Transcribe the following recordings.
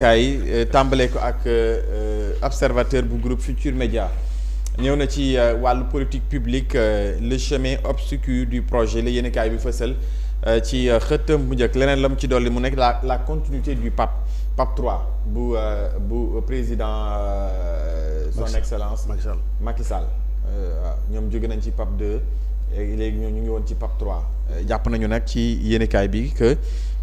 Je euh, suis ko ak euh, euh, observateur du groupe Futur Média Nous na ci walu politique publique le chemin obscur du projet le yéen kaay bi fësal ci bu la ci mu la continuité du PAP PAP 3 bu bu président son excellence Macky Sall ñom jogé nañ ci PAP 2 et nous ñu ngi won ci PAP 3 Nous nañu nak ci yéen 3. bi que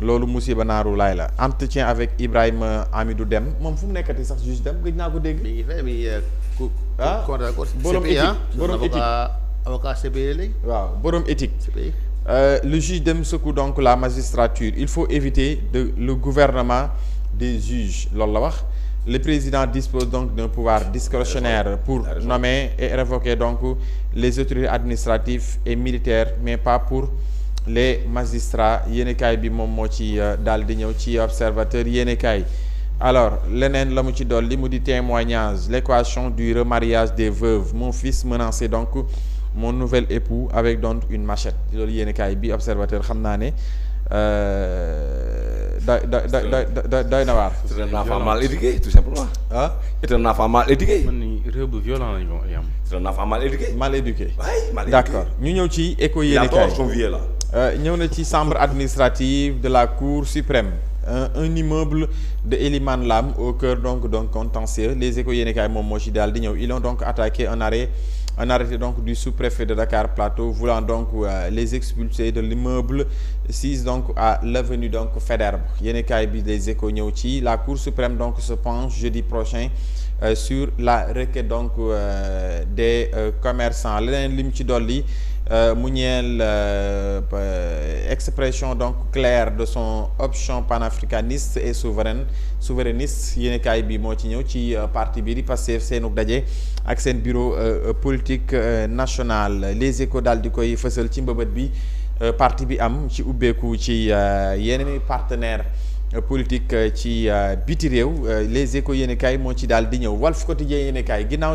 loolu musiba naaru layla entretien avec Ibrahim euh, Amidou Dem. mom fu nekati sax juge dem gëj na ko dégg. mi mi euh, ah borom éthique borom éthique avocat CPI waaw borom éthique. Euh, le juge Dem secoue donc la magistrature il faut éviter de le gouvernement des juges la wax le président dispose donc d'un pouvoir discrétionnaire pour nommer et révoquer donc les autorités administratives et militaires mais pas pour les magistrats yenekay bi mom mo ci euh, daal di ci observateur yenekay alors lenen lamu mu ci dolli mu di témoignage l'équation du remariage des veuves mon fils menacé donc mon nouvel époux avec donc une machette loolu yenekay bi observateur xam naa ne euh, doy c'est un enfant mal éduqué tout simplement. ah c'est un enfant mal éduqué. ni violent c'est un enfant mal éduqué. mal éduqué. waay mal éduqué d'accord ñu sommes ci éco yéenekaay. il a tort son vieux là sommes dans la chambre administrative de la cour suprême euh, un, immeuble de Eliman Lam au cœur donc donc contentieux les éco ils ont donc attaqué un arrêt un arrêté donc du sous-préfet de Dakar Plateau voulant donc euh, les expulser de l'immeuble 6 donc à l'avenue donc la Cour suprême donc se penche jeudi prochain euh, sur la requête donc des commerçants euh, mu euh, expression donc claire de son option panafricaniste et souveraine souverainiste yene kay bi mo ci ci euh, parti bi di passé dajé ak bureau politique national les échos d'Al di koy le parti bi am ci ku ci yeneen partenaire politique ci biti les échos yene kay mo ci dal di wolf Quotidien yene kay ginnaw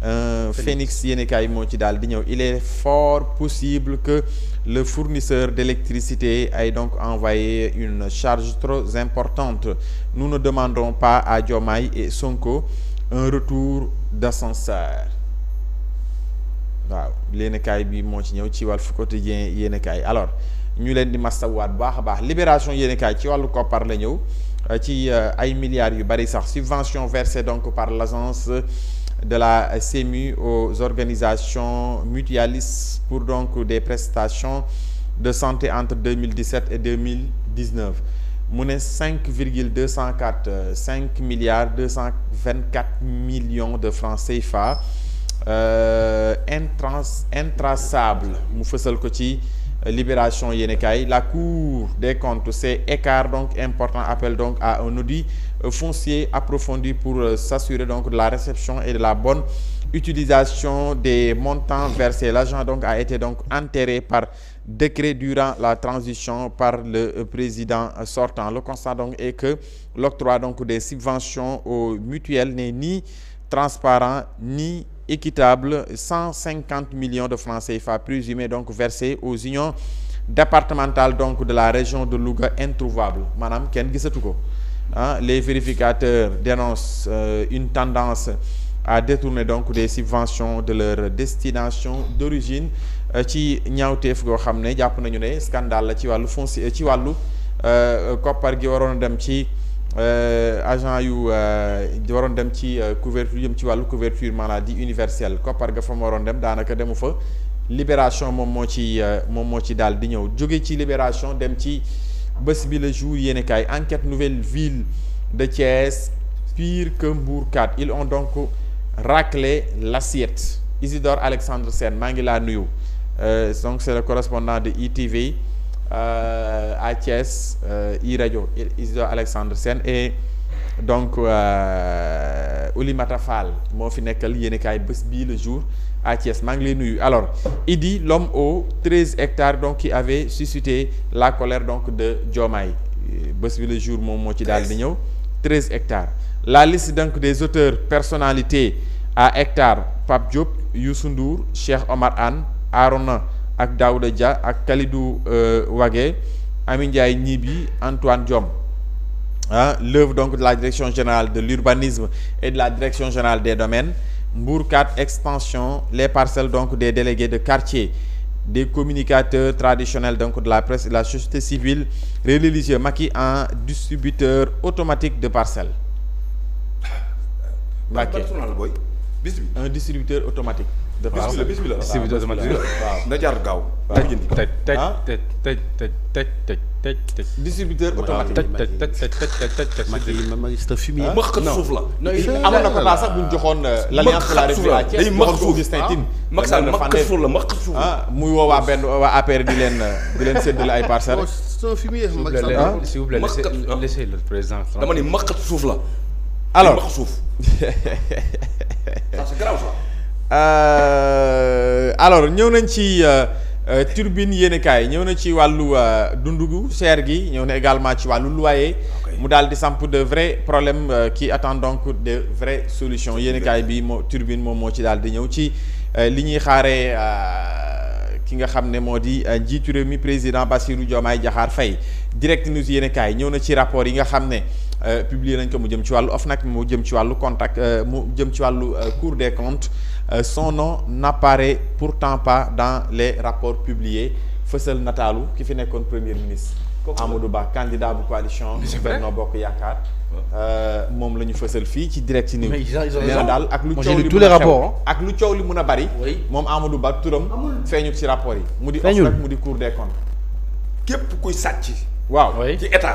Euh, Phoenix il est fort possible que le fournisseur d'électricité ait donc envoyé une charge trop importante nous ne demanderons pas à Diomaye et Sonko un retour d'ascenseur waaw Yenekaay bi moo ci ñëw ci Walf Quotidien alors nous l'avons di mastawaat baax baax Libération Yenekaay ci wàllu koppar la ñëw ci euh, ay milliards yu bari sax subvention versée donc par l'agence de la CMU aux organisations mutualistes pour donc des prestations de santé entre 2017 et 2019 monnaie 5,204 5 milliards 224 millions de francs CFA euh, intrans intraçable mu euh, libération la cour des comptes c'est écart donc important appelle donc à un audit euh, foncier approfondi pour s'assurer donc de la réception et de la bonne utilisation des montants versés l'agent donc a été donc enterré par décret durant la transition par le président sortant le constat donc est que l'octroi donc des subventions aux mutuelles n'est ni transparent ni équitable, 150 millions de francs CFA présumés donc versés aux unions départementales donc de la région de Louga introuvable Madame Ken ah, les vérificateurs dénoncent euh, une tendance à détourner donc des subventions de leur destination d'origine euh, ci scandale ci walu foncier ci euh gi euh, agent yu euh, waron dem ci euh, couverture yëm ci walu couverture maladie universelle koppar ga fa mu waroon dem danaka demu fa libération moment mo ci mom mo ci dal di ñew joggé ci libération dem ci bés bi le jour yene kay enquête nouvelle ville de Thiès pire que Mbourkat ils ont donc raclé l'assiette Isidore Alexandre Sen maa ngi la nuyu donc c'est le correspondant de ITV euh, à Thiès, euh, Isidore Alexandre Sen et donc euh, Ouli Matafal Mon fi nekkal yéenekaay le jour à Thiès alors il dit l'homme aux 13 hectares donc qui avait suscité la colère donc de Jomai bés le jour 13 hectares la liste donc des auteurs personnalités à hectare Pape Diop Youssou Ndour Cheikh Omar An Arona ak Daouda Dia ak Kalidou euh, Antoine Djom. Hein, l'œuvre donc de la direction générale de l'urbanisme et de la direction générale des domaines Mbour expansion les parcelles donc des délégués de quartier des communicateurs traditionnels donc de la presse et de la société civile religieux maki un distributeur automatique de parcelles. un distributeur automatique. bismillah bismillah si bi dama waaw na jar gaaw da jëndi ko tej tej tej tej tej tej tej tej tej distributeur automatique tej tej tej tej tej tej tej ma ngi ma ngi sta fumier mëx kat suuf la amoon na ko pas sax bu ñu joxoon l'alliance pour la république day mëx suuf Augustin Tine mëx sal mëx kat suuf la mëx kat suuf ah muy woo waa benn waa APR di leen di leen séddale ay parcelles c'est un fumier mëx sal s'il vous plaît laissez le président dama ni mëx kat suuf la alors mëx suuf ça c'est grave ça Euh, alors ñëw nañ ci euh, euh, turbine yéenekaay ñëw na ci walu dundugu cher gi ñëw na également ci walu loyer mu daal di samp de vrais problèmes qui attendent donc de vraies solutions yéenekaay bi turbine moom mo ci daal di ñëw ci li ñuy xaaree ki nga xamné modi. moo di njiitu président Bassirou Diomaye Diakhar Faye Direct News yéenekaay ñëw na ci rapport yi nga xamné euh, publier nañ ko mu jëm ci wàllu OFNAC mu jëm ci walu contact euh, mu jëm ci walu euh, Cour des comptes son nom n'apparaît pourtant pas dans les rapports publiés fësal nataalu ki fi nekkoon premier ministre Amadou Ba candidat bu coalition Benno Bokk Yaakaar euh mom lañu fësal fi ci direct ci niw neena hein. ak lu coow li tous les rapports ak lu coow li mën bari mom Amadou Ba turam feeñut ci rapport yi mudi of nak mudi Cour des comptes képp kuy sàcc waaw ci état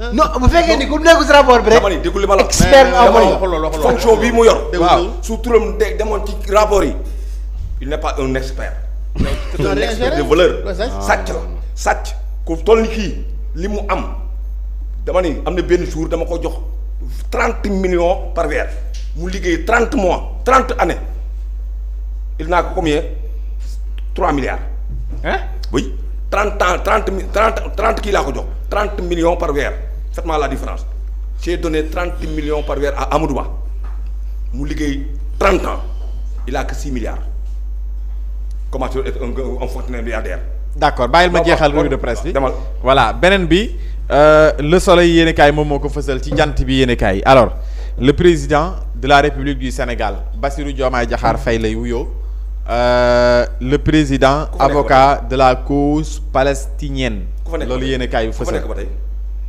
Non, vous faites que vous ne vous rappelez pas. Expert en moi. Fonction vie mouillon. Surtout le monde de mon petit rapport. Il n'est pas un expert. C'est un expert de voleur. Sac. Sac. Quand on lit, il y a un bon jour, il y a 30 millions par verre. Il y a 30 mois, 30 années. Il n'a combien 3 milliards. Hein Oui. 30 ans, 30 30 30 kilos, 30 millions par verre faites-moi la différence j'ai donné 30 millions par verre à Amoudoua. Ba 30 ans il a que 6 milliards comment tu es un un d'accord milliardaire. d'accord bah il ma jeexal rue de presse voilà benenbi bi euh, le soleil yéene Momo moom moo Tibi fësal ci alors le président de la république du Sénégal Bassirou Diomaye Diakhar Faye euh, le président avocat de la cause palestinienne. loolu yéene bu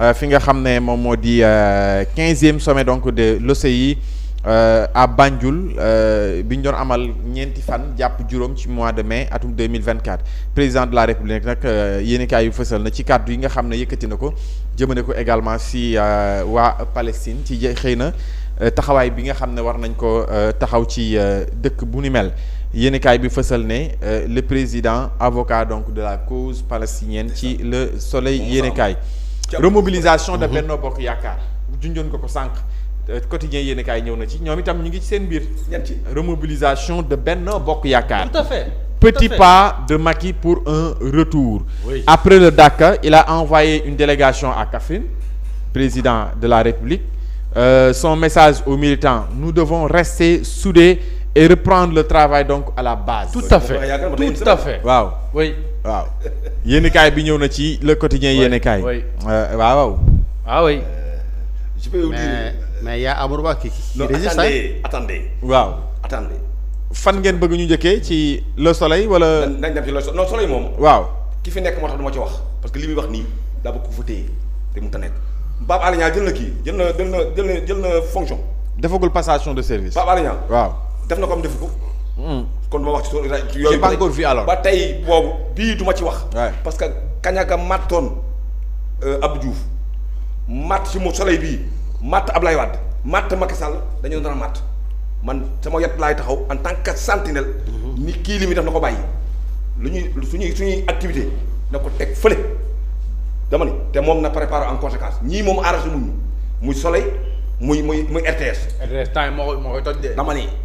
Euh, fi nga xam ne moom moo di euh, sommet donc de l'OCI euh, à Banjul bi ñu doon amal ñeenti fan jàpp juróom ci mois de mai atum 2024. président de la république nag yéenekaay yu fësal na ci kàddu yi nga xam ne yëkkati na ko jëmane ko également si waa Palestine ci xëy na taxawaay bi nga xam ne war nañ ko taxaw ci dëkk bu ni mel yéenekaay bi fësal ne le président avocat donc de la cause palestinienne ci le soleil yéenekaay remobilisation de mhm. Benno Bok Yakar. ko ko le euh, quotidien yéen un ci remobilisation de Benno Bokyakar. tout à fait petit pas de Maki pour un retour après le Dakar il a envoyé une délégation à Kafin, président de la République euh, son message aux militants nous devons rester soudés et reprendre le travail donc à la base tout à fait tout à fait Wow, oui waaw yéenekaay bi ñëw na ci le quotidien yéenekaay. Euh, waaw waaw. Ah oui. Euh, je peux vous dire mais mais y a Amadou Ba kii non attendez hein? attendez waaw attendez. fan ngeen bëgg ñu jëkke ci le soleil wala. nañ dem ci le soleil non soleil mom. waaw ki fi nekk moo tax ci wax parce que limi wax ni da bëgg ko fa téye te mënut a nekk. Bab Alé jël na ki, jël na jël na jël na jël na fonction. defagul passation de service. Bab Alé waaw def na ko am defu ko. Hmm. kon ma wax ci tool yooyu pas encore vu alors ba tey boobu bii duma ci wax. parce que Kañaka mattoon euh, ab Diouf matt ci mu soleil bii matt Ablaye Wade matt Macky Sall dañoo dara matt man sama yet laay taxaw en tant que sentinelle. Mhm. ni kii li muy def na ko bàyyi. lu ñuy suñuy suñuy activité na ko teg fële dama ni te moom na préparer en conséquence ñii moom arrangé muñ muy soleil muy muy muy RTS. RTS temps moo koy moo koy toj de. dama ni.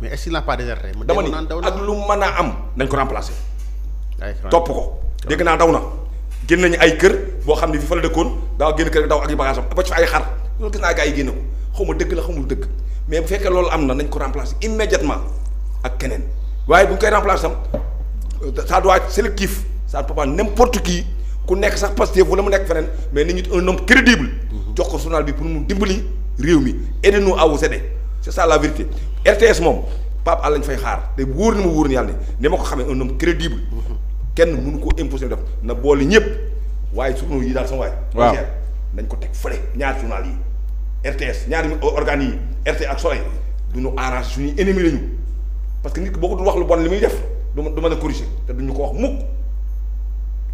mais est-ce qu'il n'a pas déserté. dama ni ak lu mën a am nañ ko remplacer. topp ko dégg naa daw na. génn nañu ay kër boo xam ne fi fa la dëkkoon daaw génn kër daw ak yu bagaasam ba ci fa ay xar loolu gis naa gars yi génn ko xaw ma dëgg la xamul dëgg mais bu fekkee loolu am na nañ ko remplacer immédiatement ak keneen waaye bu ñu koy remplacer tam ça doit être sélectif ça ne peut pas n'importe qui ku nekk sax Pastef wala mu nekk feneen mais nit un homme crédible mhm. jox ko journal bi pour mu dimbali réew mi aidez-nous à vous aider c'est ça RTS moom Pape Alé lañ fay xaar te wóor na ma wóor na yàlla ni ma ko xamee un homme crédible kenn mënu ko imposer def na boole ñëpp waaye journaux yi daal sama waay. nañ ko teg fële ñaari journal yi RTS ñaari organes yi RTS ak Soleil du ñu arrange suñuy ennemis lañu parce que nit boo ko dul wax lu bon li muy def du ma du mën a corriger te duñu ko wax mukk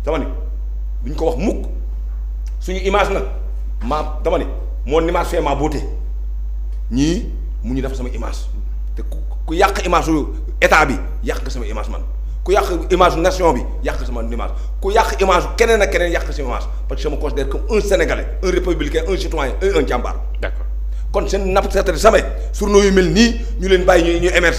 dama ni duñ ko wax mukk suñu image nag ma dama ni mon fait ma beauté ñii. mu ñu def sama image te ku ku yàq image su état bi yàq nga sama image man ku yàq image nation bi yàq sama image ku yàq image keneen ak keneen yàq sama image parce que je me comme un sénégalais un républicain un citoyen et un jàmbaar. d'accord kon seen napp seetlu samay journaux yu mel nii ñu leen bàyyi ñu émerger